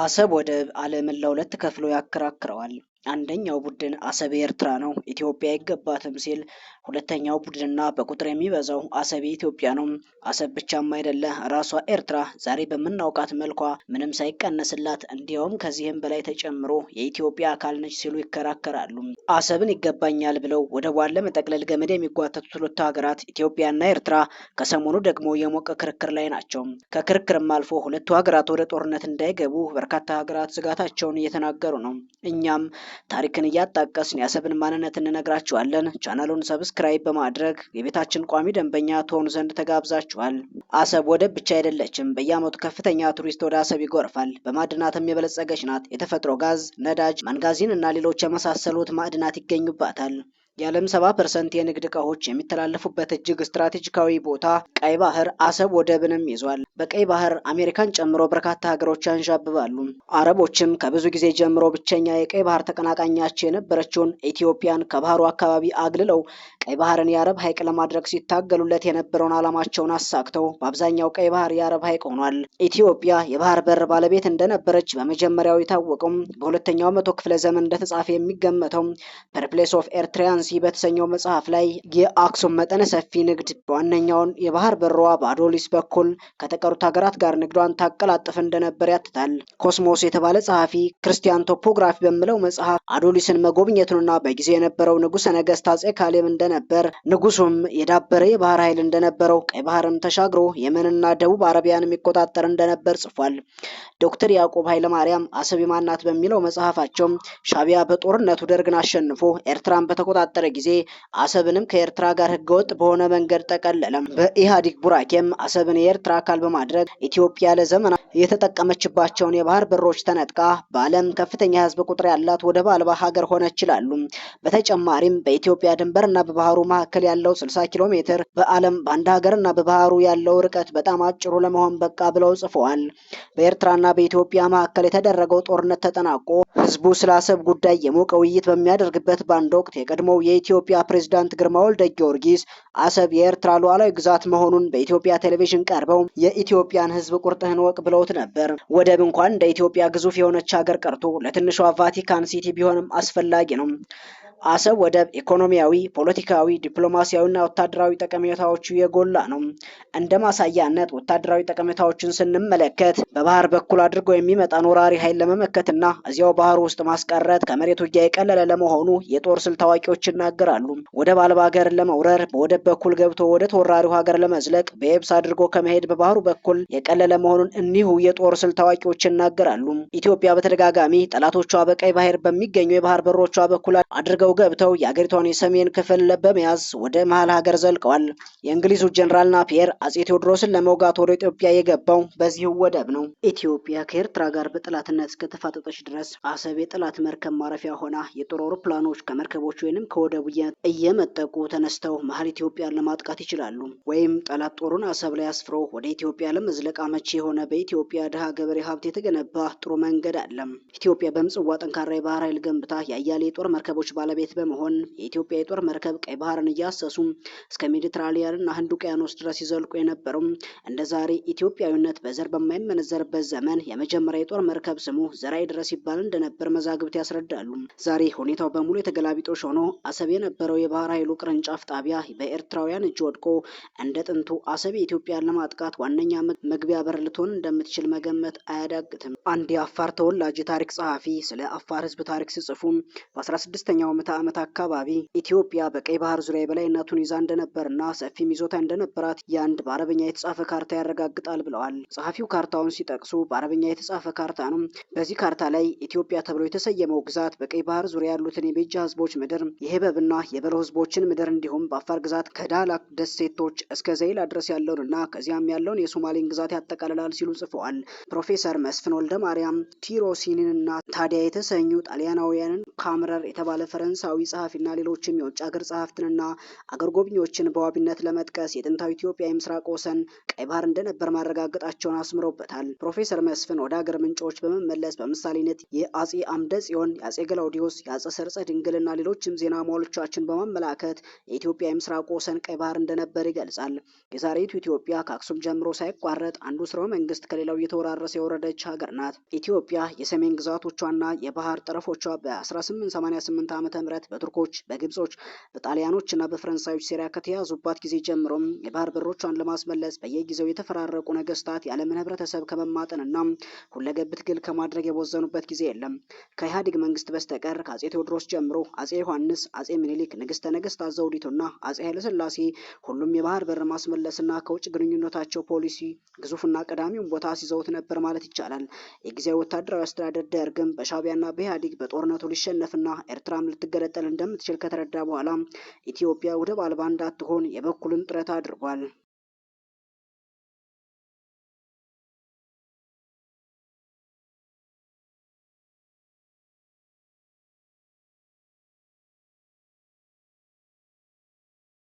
አሰብ ወደብ ዓለምን ለሁለት ከፍሎ ያከራክረዋል አንደኛው ቡድን አሰብ ኤርትራ ነው፣ ኢትዮጵያ አይገባትም ሲል ሁለተኛው ቡድንና በቁጥር የሚበዛው አሰብ ኢትዮጵያ ነው። አሰብ ብቻም አይደለ ራሷ ኤርትራ ዛሬ በምናውቃት መልኳ ምንም ሳይቀነስላት እንዲያውም ከዚህም በላይ ተጨምሮ የኢትዮጵያ አካል ነች ሲሉ ይከራከራሉ። አሰብን ይገባኛል ብለው ዋለ ለመጠቅለል ገመድ የሚጓተቱት ሁለቱ ሀገራት ኢትዮጵያና ኤርትራ ከሰሞኑ ደግሞ የሞቀ ክርክር ላይ ናቸው። ከክርክርም አልፎ ሁለቱ ሀገራት ወደ ጦርነት እንዳይገቡ በርካታ ሀገራት ስጋታቸውን እየተናገሩ ነው። እኛም ታሪክን እያጣቀስን የአሰብን ማንነት እንነግራችኋለን። ቻናሉን ሰብስክራይብ በማድረግ የቤታችን ቋሚ ደንበኛ ትሆኑ ዘንድ ተጋብዛችኋል። አሰብ ወደብ ብቻ አይደለችም። በየዓመቱ ከፍተኛ ቱሪስት ወደ አሰብ ይጎርፋል። በማዕድናትም የበለጸገች ናት። የተፈጥሮ ጋዝ፣ ነዳጅ፣ ማንጋዚን እና ሌሎች የመሳሰሉት ማዕድናት ይገኙባታል። የዓለም 70% የንግድ ዕቃዎች የሚተላለፉበት እጅግ ስትራቴጂካዊ ቦታ ቀይ ባህር አሰብ ወደብንም ይዟል። በቀይ ባህር አሜሪካን ጨምሮ በርካታ ሀገሮች ያንዣብባሉ። አረቦችም ከብዙ ጊዜ ጀምሮ ብቸኛ የቀይ ባህር ተቀናቃኛቸው የነበረችውን ኢትዮጵያን ከባህሩ አካባቢ አግልለው ቀይ ባህርን የአረብ ሐይቅ ለማድረግ ሲታገሉለት የነበረውን ዓላማቸውን አሳክተው በአብዛኛው ቀይ ባህር የአረብ ሐይቅ ሆኗል። ኢትዮጵያ የባህር በር ባለቤት እንደነበረች በመጀመሪያው የታወቀው በሁለተኛው መቶ ክፍለ ዘመን እንደተጻፈ የሚገመተው ፐርፕሌስ ኦፍ ኤርትሪያን ኤጀንሲ በተሰኘው መጽሐፍ ላይ የአክሱም መጠነ ሰፊ ንግድ በዋነኛውን የባህር በሯ በአዶሊስ በኩል ከተቀሩት ሀገራት ጋር ንግዷን ታቀላጥፍ እንደነበር ያትታል። ኮስሞስ የተባለ ጸሐፊ ክርስቲያን ቶፖግራፊ በሚለው መጽሐፍ አዶሊስን መጎብኘቱንና በጊዜ የነበረው ንጉሠ ነገሥት አፄ ካሌብ እንደነበር፣ ንጉሱም የዳበረ የባህር ኃይል እንደነበረው፣ ቀይ ባህርም ተሻግሮ የመንና ደቡብ አረቢያን የሚቆጣጠር እንደነበር ጽፏል። ዶክተር ያዕቆብ ኃይለማርያም አሰብ የማን በሚለው መጽሐፋቸው ሻቢያ በጦርነቱ ደርግን አሸንፎ ኤርትራን በተቆጣጠ ባጠረ ጊዜ አሰብንም ከኤርትራ ጋር ህገወጥ በሆነ መንገድ ጠቀለለም። በኢህአዴግ ቡራኬም አሰብን የኤርትራ አካል በማድረግ ኢትዮጵያ ለዘመናት የተጠቀመችባቸውን የባህር በሮች ተነጥቃ በዓለም ከፍተኛ ህዝብ ቁጥር ያላት ወደብ አልባ ሀገር ሆነች ይላሉ። በተጨማሪም በኢትዮጵያ ድንበርና በባህሩ መካከል ያለው 60 ኪሎ ሜትር በዓለም በአንድ ሀገርና በባህሩ ያለው ርቀት በጣም አጭሩ ለመሆን በቃ ብለው ጽፈዋል። በኤርትራና በኢትዮጵያ መካከል የተደረገው ጦርነት ተጠናቆ ህዝቡ ስለ አሰብ ጉዳይ የሞቀ ውይይት በሚያደርግበት በአንድ ወቅት የቀድሞው የኢትዮጵያ ፕሬዝዳንት ግርማ ወልደ ጊዮርጊስ አሰብ የኤርትራ ሉዓላዊ ግዛት መሆኑን በኢትዮጵያ ቴሌቪዥን ቀርበው የኢትዮጵያን ሕዝብ ቁርጥህን ወቅ ብለውት ነበር። ወደብ እንኳን እንደ ኢትዮጵያ ግዙፍ የሆነች ሀገር ቀርቶ ለትንሿ ቫቲካን ሲቲ ቢሆንም አስፈላጊ ነው። አሰብ ወደብ ኢኮኖሚያዊ፣ ፖለቲካዊ፣ ዲፕሎማሲያዊና ወታደራዊ ጠቀሜታዎቹ የጎላ ነው። እንደ ማሳያነት ወታደራዊ ጠቀሜታዎቹን ስንመለከት በባህር በኩል አድርጎ የሚመጣን ወራሪ ኃይል ለመመከትና እዚያው ባህር ውስጥ ማስቀረት ከመሬት ውጊያ የቀለለ ለመሆኑ የጦር ስል ታዋቂዎች ይናገራሉ። ወደብ አልባ ሀገር ለመውረር በወደብ በኩል ገብቶ ወደ ተወራሪው ሀገር ለመዝለቅ በየብስ አድርጎ ከመሄድ በባህሩ በኩል የቀለለ መሆኑን እኒሁ የጦር ስል ታዋቂዎች ይናገራሉ። ኢትዮጵያ በተደጋጋሚ ጠላቶቿ በቀይ ባህር በሚገኙ የባህር በሮቿ በኩል አድርገው ዘለው ገብተው የአገሪቷን የሰሜን ክፍል በመያዝ ወደ መሀል ሀገር ዘልቀዋል። የእንግሊዙ ጀኔራል ናፒየር አጼ ቴዎድሮስን ለመውጋት ወደ ኢትዮጵያ የገባው በዚህ ወደብ ነው። ኢትዮጵያ ከኤርትራ ጋር በጠላትነት እስከተፋጠጠች ድረስ አሰብ የጠላት መርከብ ማረፊያ ሆና የጦር አውሮፕላኖች ከመርከቦች ወይንም ከወደቡ እየመጠቁ ተነስተው መሀል ኢትዮጵያን ለማጥቃት ይችላሉ። ወይም ጠላት ጦሩን አሰብ ላይ አስፍሮ ወደ ኢትዮጵያ ለመዝለቅ አመቺ የሆነ በኢትዮጵያ ድሃ ገበሬ ሀብት የተገነባ ጥሩ መንገድ አለም። ኢትዮጵያ በምጽዋ ጠንካራ የባህር ኃይል ገንብታ የአያሌ የጦር መርከቦች ባለቤት ባለቤት በመሆን የኢትዮጵያ የጦር መርከብ ቀይ ባህርን እያሰሱ እስከ ሜዲትራሊያንና ህንድ ውቅያኖስ ድረስ ይዘልቁ የነበሩም እንደ ዛሬ ኢትዮጵያዊነት በዘር በማይመነዘርበት ዘመን የመጀመሪያ የጦር መርከብ ስሙ ዘራይ ድረስ ይባል እንደነበር መዛግብት ያስረዳሉ። ዛሬ ሁኔታው በሙሉ የተገላቢጦሽ ሆኖ አሰብ የነበረው የባህር ኃይሉ ቅርንጫፍ ጣቢያ በኤርትራውያን እጅ ወድቆ እንደ ጥንቱ አሰብ የኢትዮጵያን ለማጥቃት ዋነኛ መግቢያ በር ልትሆን እንደምትችል መገመት አያዳግትም። አንድ የአፋር ተወላጅ ታሪክ ጸሐፊ ስለ አፋር ህዝብ ታሪክ ሲጽፉ በ16ኛው ምዕተ ዓመት አካባቢ ኢትዮጵያ በቀይ ባህር ዙሪያ የበላይነቱን ይዛ እንደነበርና ሰፊ ይዞታ እንደነበራት የአንድ በአረበኛ የተጻፈ ካርታ ያረጋግጣል ብለዋል። ጸሐፊው ካርታውን ሲጠቅሱ በአረበኛ የተጻፈ ካርታ ነው። በዚህ ካርታ ላይ ኢትዮጵያ ተብሎ የተሰየመው ግዛት በቀይ ባህር ዙሪያ ያሉትን የቤጃ ህዝቦች ምድር፣ የህበብና የበሎ ህዝቦችን ምድር እንዲሁም በአፋር ግዛት ከዳላክ ደሴቶች እስከ ዘይላ ድረስ ያለውንና ከዚያም ያለውን የሶማሌን ግዛት ያጠቃልላል ሲሉ ጽፈዋል። ፕሮፌሰር መስፍን ወልደ ማርያም ቲሮሲንንና ታዲያ የተሰኙ ጣሊያናውያንን ካምረር የተባለ ፈረንሳይ ሳዊ ጸሐፊና ሌሎችም የውጭ ሀገር ጸሐፍትንና አገር ጎብኚዎችን በዋቢነት ለመጥቀስ የጥንታዊ ኢትዮጵያ የምስራቅ ወሰን ቀይ ባህር እንደነበር ማረጋገጣቸውን አስምረውበታል። ፕሮፌሰር መስፍን ወደ ሀገር ምንጮች በመመለስ በምሳሌነት የአጼ አምደ ጽዮን፣ የአጼ ገላውዲዮስ፣ የአጼ ሰርጸ ድንግልና ሌሎችም ዜና መዋሎቻችን በማመላከት የኢትዮጵያ የምስራቅ ወሰን ቀይ ባህር እንደነበር ይገልጻል። የዛሬቱ ኢትዮጵያ ከአክሱም ጀምሮ ሳይቋረጥ አንዱ ስርወ መንግስት ከሌላው እየተወራረሰ የወረደች ሀገር ናት። ኢትዮጵያ የሰሜን ግዛቶቿና የባህር ጠረፎቿ በ1888 ዓ ምህረት በቱርኮች በግብጾች በጣሊያኖች እና በፈረንሳዮች ሴሪያ ከተያዙባት ጊዜ ጀምሮም የባህር በሮቿን ለማስመለስ በየጊዜው የተፈራረቁ ነገስታት የዓለምን ህብረተሰብ ከመማጠንና ሁለገብ ትግል ከማድረግ የቦዘኑበት ጊዜ የለም። ከኢህአዴግ መንግስት በስተቀር ከአጼ ቴዎድሮስ ጀምሮ አጼ ዮሐንስ፣ አጼ ምኒልክ፣ ንግስተ ነገስታት ዘውዲቱና አጼ ኃይለስላሴ ሁሉም የባህር በር ማስመለስና ከውጭ ግንኙነታቸው ፖሊሲ ግዙፍና ቀዳሚውን ቦታ ሲዘውት ነበር ማለት ይቻላል። የጊዜያዊ ወታደራዊ አስተዳደር ደርግም በሻቢያና በኢህአዴግ በጦርነቱ ሊሸነፍና ኤርትራም ልትገ ልትገለጠል እንደምትችል ከተረዳ በኋላ ኢትዮጵያ ወደብ አልባ እንዳትሆን የበኩሉን ጥረት አድርጓል።